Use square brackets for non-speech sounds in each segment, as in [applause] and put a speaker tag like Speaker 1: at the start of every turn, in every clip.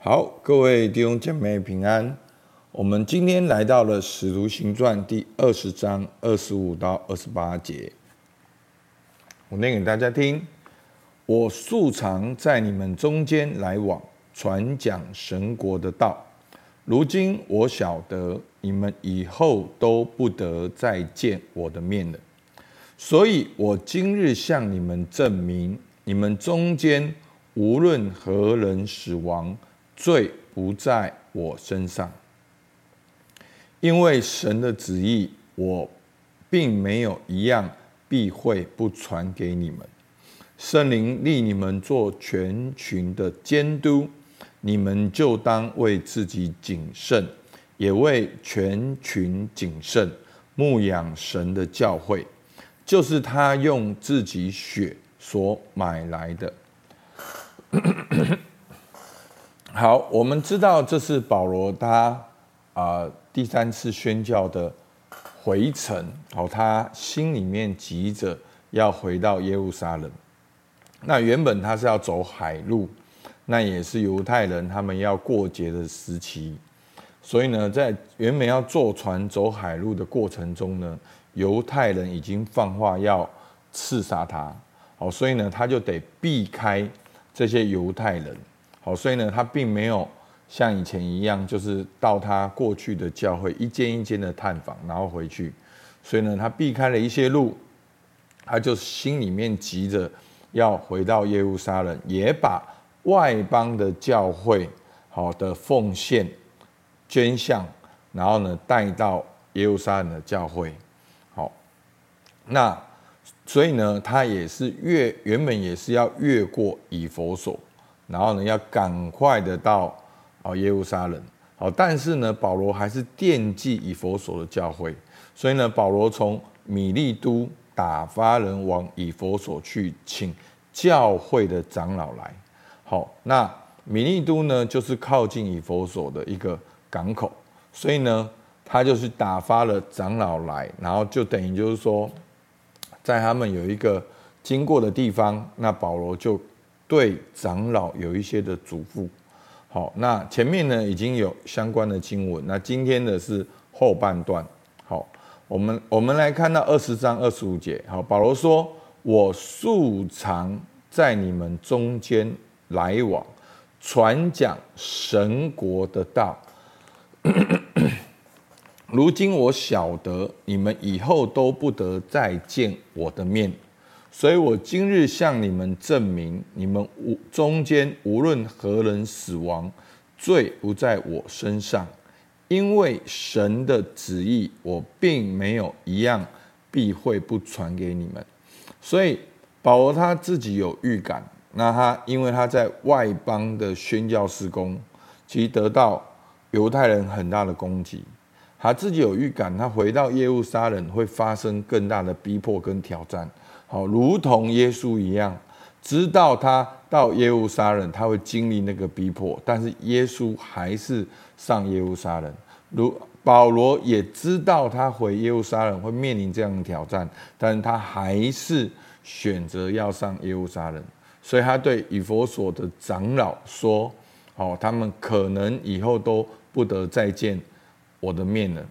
Speaker 1: 好，各位弟兄姐妹平安。我們今天來到了《使徒行傳》第二十章二十五到二十八節，我念給大家聽。我素常在你們中間來往，傳講神國的道。如今我曉得，你們以後都不得再見我的面了，所以我今日向你們證明：你們中間無論何人死亡，罪不在我身上，因為神的旨意，我並沒有一樣避諱不傳給你們。聖靈立你們做全群的監督，你們就當為自己謹慎，也為全群謹慎，牧養神的教會，就是他用自己血所買來的。 [coughs] 好，我們知道這是保羅他啊、呃、第三次宣教的回程。哦，他心裡面急着要回到耶路撒冷。那原本他是要走海路，那也是猶太人他們要過節的時期。所以呢，在原本要坐船走海路的過程中呢，猶太人已經放話要刺殺他。好、哦，所以呢，他就得避開這些猶太人。哦，所以呢，他並沒有像以前一樣，就是到他過去的教會一間一間的探訪，然後回去。所以呢，他避開了一些路，他就心裡面急着要回到耶路撒冷，也把外邦的教會好的奉獻、捐項，然後呢帶到耶路撒冷的教會。好，那所以呢，他也是越原本也是要越過以弗所。然後呢，要趕快的到啊耶路撒冷。好，但是呢，保羅還是惦記以弗所的教會，所以呢，保羅從米利都打發人往以弗所去，請教會的長老來。好，那米利都呢，就是靠近以弗所的一個港口，所以呢，他就是打發了長老來，然後就等於就是說，在他們有一個經過的地方，那保羅就。對長老有一些的囑咐，好，那前面呢已經有相關的經文，那今天的是後半段，好，我們我們來看到二十章二十五節，好，保羅說：“我素常在你們中間來往，傳講神國的道。 [coughs] 如今我曉得你們以後都不得再見我的面。”所以我今日向你們證明，你們無中間無論何人死亡，罪不在我身上，因為神的旨意我並沒有一樣避諱不傳給你們。所以保羅他自己有預感，那他因為他在外邦的宣教事工，即得到猶太人很大的攻擊。他自己有預感，他回到耶路撒冷會發生更大的逼迫跟挑戰。好，如同耶穌一樣，知道他到耶路撒冷，他會經歷那個逼迫，但是耶穌還是上耶路撒冷。如保羅也知道他回耶路撒冷會面臨這樣的挑戰，但是他還是選擇要上耶路撒冷。所以他對以弗所的長老說：“好，他們可能以後都不得再見。”我的面了，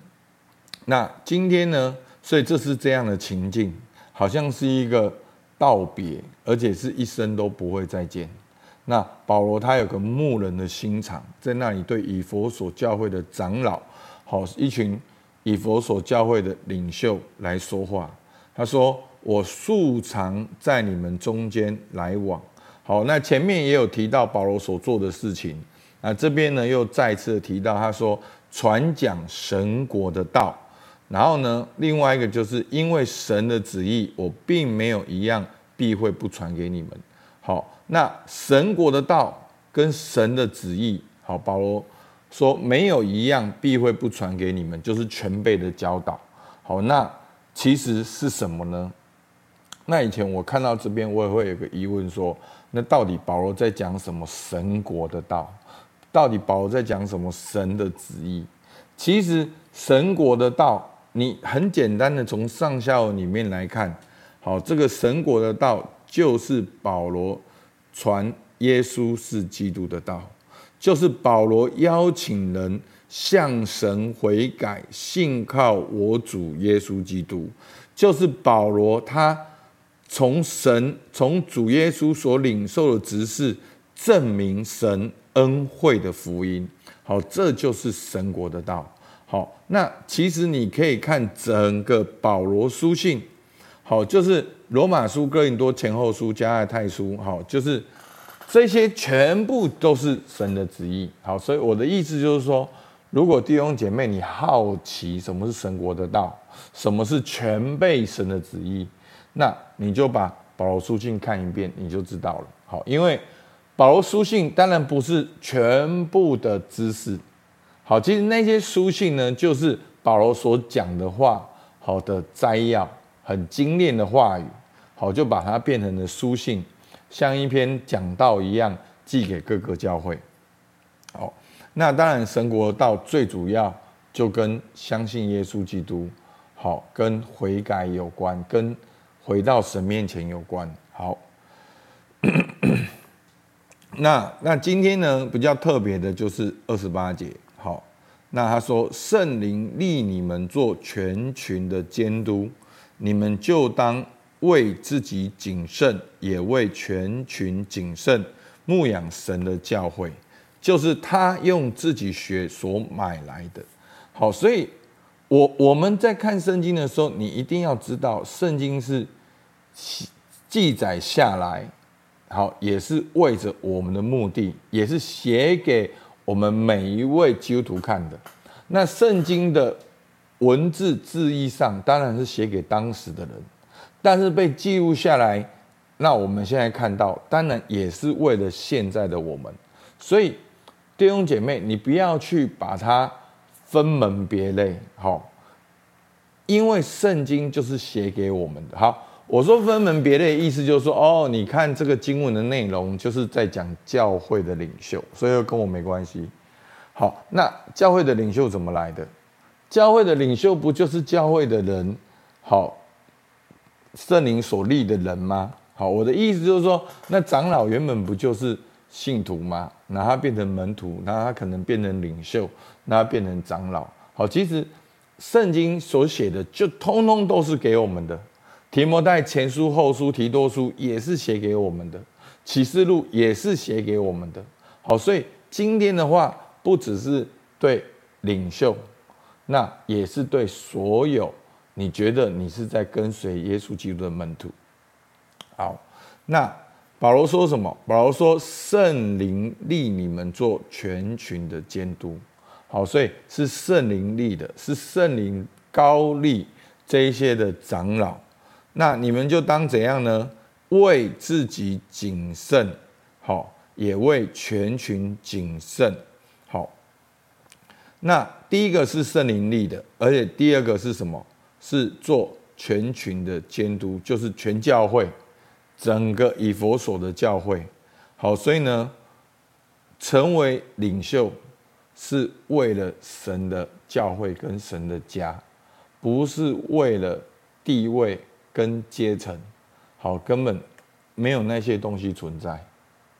Speaker 1: 那今天呢？所以這是這樣的情境，好像是一個道別，而且是一生都不會再見。那保羅他有個牧人的心腸，在那裡對以弗所教會的長老，好，一群以弗所教會的領袖來說話。他說：“我素常在你們中間來往。”好，那前面也有提到保羅所做的事情啊，那這邊呢又再次提到他說。傳講神國的道，然後呢？另外一個就是因為神的旨意，我並沒有一樣避諱不傳給你們。好，那神國的道跟神的旨意，好，保羅說沒有一樣避諱不傳給你們，就是全備的教導。好，那其實是什麼呢？那以前我看到這邊，我也會有個疑問說，說那到底保羅在講什麼神國的道？到底保羅在講什麼？神的旨意，其實神國的道，你很簡單的從上下文裡面來看，好，這個神國的道就是保羅傳耶穌是基督的道，就是保羅邀請人向神悔改，信靠我主耶穌基督，就是保羅他從神從主耶穌所領受的職事，證明神。恩惠的福音，好，這就是神國的道。好，那其實你可以看整個保羅書信，好，就是羅馬書、哥林多前後書、加拉太書，好，就是這些全部都是神的旨意。好，所以我的意思就是說，如果弟兄姐妹你好奇什麼是神國的道，什麼是全備神的旨意，那你就把保羅書信看一遍，你就知道了。好，因為。保羅書信當然不是全部的知識，好，其實那些書信呢，就是保羅所講的話，好的摘要，很精煉的話語，好，就把它變成了書信，像一篇講道一樣，寄給各個教會。好，那當然神國的道最主要就跟相信耶穌基督，好，跟悔改有關，跟回到神面前有關，好。那，那今天呢，比較特別的就是二十八節，好，那他說，聖靈立你們做全群的監督，你們就當為自己謹慎，也為全群謹慎，牧養神的教會，就是他用自己血所買來的。好，所以我我們在看聖經的時候，你一定要知道，聖經是記載下來。好，也是為着我們的目的，也是寫給我們每一位基督徒看的。那聖經的文字字義上，當然是寫給當時的人，但是被記錄下來，那我們現在看到，當然也是為了現在的我們。所以弟兄姐妹，你不要去把它分門別類，好，因為聖經就是寫給我們的。好。我說分門別類，意思就是說，哦，你看這個經文的內容，就是在講教會的領袖，所以跟我沒關係。好，那教會的領袖怎麼來的？教會的領袖不就是教會的人，好，聖靈所立的人嗎？好，我的意思就是說，那長老原本不就是信徒嗎？那他變成門徒，那他可能變成領袖，那他變成長老。好，其實聖經所寫的就通通都是給我們的。提摩太前書、後書、提多書也是寫給我們的，《啟示錄》也是寫給我們的。好，所以今天的話，不只是對領袖，那也是對所有你覺得你是在跟隨耶穌基督的門徒。好，那保羅說什麼？保羅說：“聖靈立你們做全群的監督。”好，所以是聖靈立的，是聖靈高利這一些的長老。那你們就當怎樣呢？為自己謹慎，好，也為全群謹慎，好。那第一個是聖靈立的，而且第二個是什麼？是做全群的監督，就是全教會，整個以弗所的教會，好。所以呢，成為領袖是為了神的教會跟神的家，不是為了地位。跟階層，好，根本沒有那些東西存在，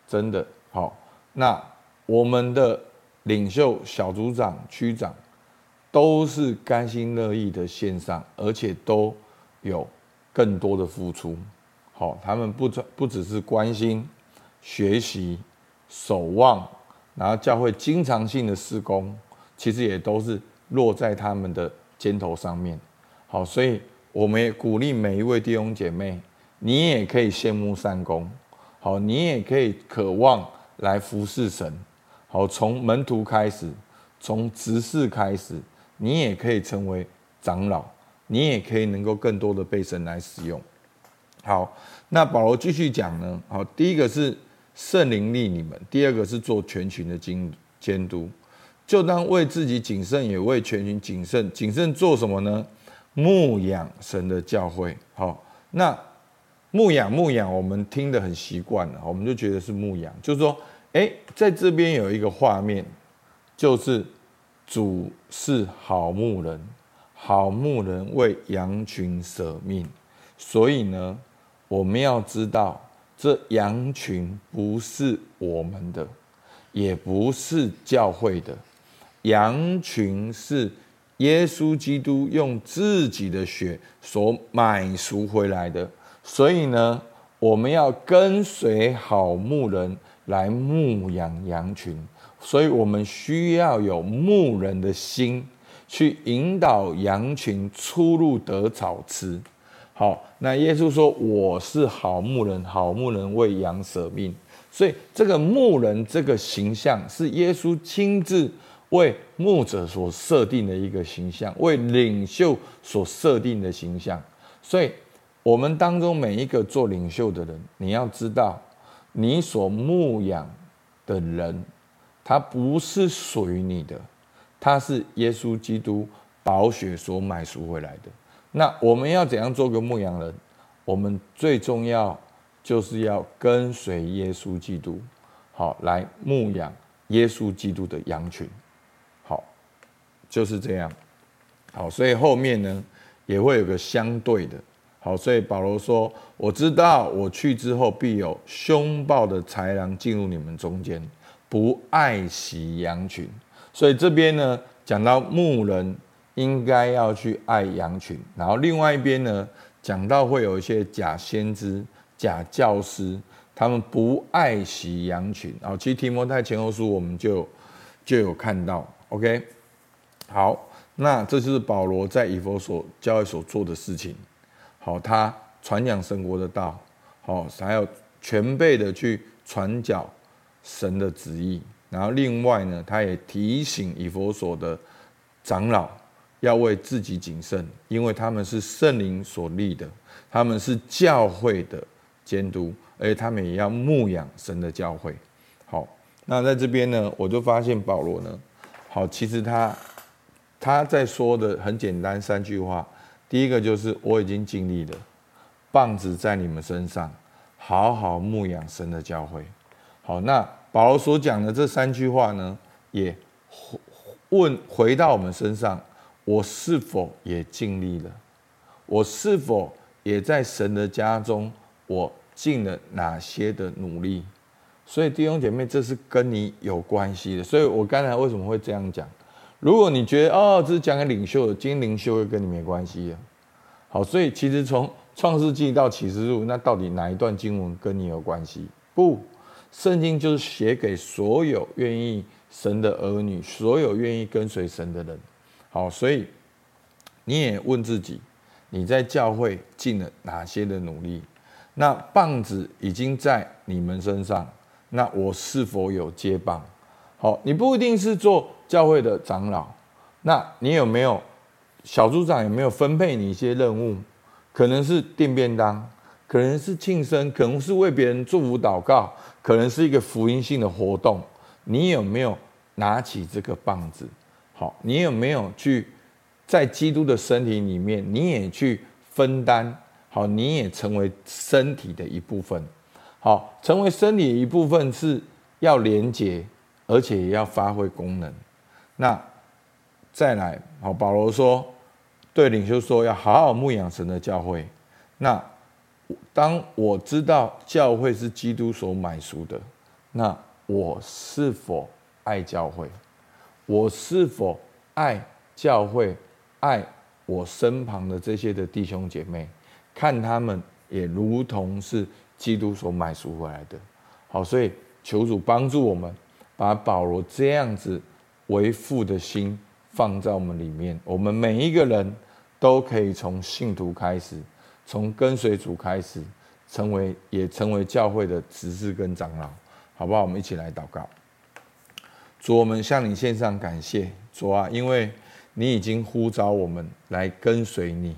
Speaker 1: 真的好。那我們的領袖小組長、區長都是甘心樂意的獻上，而且都有更多的付出。好，他們不只不只是關心學習、守望，然後教會經常性的事工，其實也都是落在他們的肩頭上面。好，所以。我們也鼓勵每一位弟兄姐妹，你也可以羨慕善工。好，你也可以渴望來服侍神，好，從門徒開始，從執事開始，你也可以成為長老，你也可以能夠更多的被神來使用。好，那保羅繼續講呢，好，第一個是聖靈立你們，第二個是做全群的監監督，就當為自己謹慎，也為全群謹慎，謹慎做什麼呢？牧養神的教會，好，那牧養牧養，我們聽得很習慣了，我們就覺得是牧養。就是說，誒，在這邊有一個畫面，就是主是好牧人，好牧人為羊群舍命，所以呢，我們要知道這羊群不是我們的，也不是教會的，羊群是。耶穌基督用自己的血所買贖回來的，所以呢，我們要跟隨好牧人來牧養羊群，所以我們需要有牧人的心去引導羊群出入得草吃。好，那耶穌說：“我是好牧人，好牧人為羊舍命。”所以這個牧人這個形象是耶穌親自。為牧者所設定的一個形象，為領袖所設定的形象。所以，我們當中每一個做領袖的人，你要知道，你所牧養的人，他不是屬於你的，他是耶穌基督寶血所買贖回來的。那我們要怎樣做個牧羊人？我們最重要就是要跟隨耶穌基督，好來牧養耶穌基督的羊群。就是這樣，好，所以後面呢也會有個相對的，好，所以保羅說：“我知道，我去之後必有凶暴的豺狼進入你們中間，不愛惜羊群。”所以這邊呢講到牧人應該要去愛羊群，然後另外一邊呢講到會有一些假先知、假教師，他們不愛惜羊群。啊，其實提摩太前後書我們就就有看到，OK。好，那這就是保羅在以弗所教會，所做的事情。好，他傳揚神國的道，好，還有全備的去傳教神的旨意。然後另外呢，他也提醒以弗所的長老要為自己謹慎，因為他們是聖靈所立的，他們是教會的監督，而且他們也要牧養神的教會。好，那在這邊呢，我就發現保羅呢，好，其實他。他在說的很簡單三句話，第一個就是我已經盡力了，棒子在你們身上，好好牧養神的教會。好，那保羅所講的這三句話呢，也問回，回到我們身上，我是否也盡力了？我是否也在神的家中？我盡了哪些的努力？所以弟兄姐妹，這是跟你有關係的。所以我剛才為什麼會這樣講？如果你覺得哦，這是講給領袖的，精領袖會跟你沒關係呀。好，所以其實從創世紀到啟示錄，那到底哪一段經文跟你有關係？不，聖經就是寫給所有願意神的兒女，所有願意跟隨神的人。好，所以你也問自己，你在教會盡了哪些的努力？那棒子已經在你們身上，那我是否有接棒？好，你不一定是做。教會的長老，那你有沒有小組長？有沒有分配你一些任務？可能是訂便當，可能是慶生，可能是為別人祝福禱告，可能是一個福音性的活動。你有沒有拿起這個棒子？好，你有沒有去在基督的身體裡面？你也去分擔，好，你也成為身體的一部分。好，成為身體的一部分是要連接，而且也要發揮功能。那再來，好，保羅說對領袖說，要好好牧養神的教會。那當我知道教會是基督所買贖的，那我是否愛教會？我是否愛教會？愛我身旁的這些的弟兄姐妹？看他們也如同是基督所買贖回來的。好，所以求主幫助我們，把保羅這樣子。為父的心放在我們裡面，我們每一個人都可以從信徒開始，從跟隨主開始，成為也成為教會的執事跟長老，好不好？我們一起來禱告，主，我們向你獻上感謝，主啊，因為你已經呼召我們來跟隨你，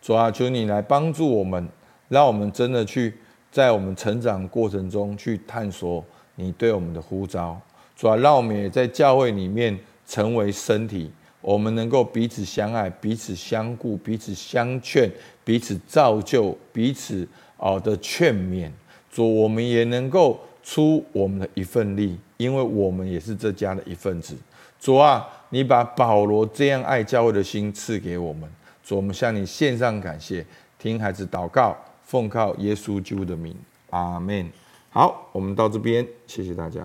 Speaker 1: 主啊，求你來幫助我們，讓我們真的去在我們成長過程中去探索你對我們的呼召。主啊，讓我們也在教會裡面成為身體，我們能夠彼此相愛、彼此相顧、彼此相勸、彼此造就、彼此啊的勸勉。主，我們也能夠出我們的一份力，因為我們也是這家的一份子。主啊，你把保羅這樣愛教會的心賜給我們。主，我們向你獻上感謝，聽孩子禱告，奉靠耶穌基督的名，阿門。好，我們到這邊，謝謝大家。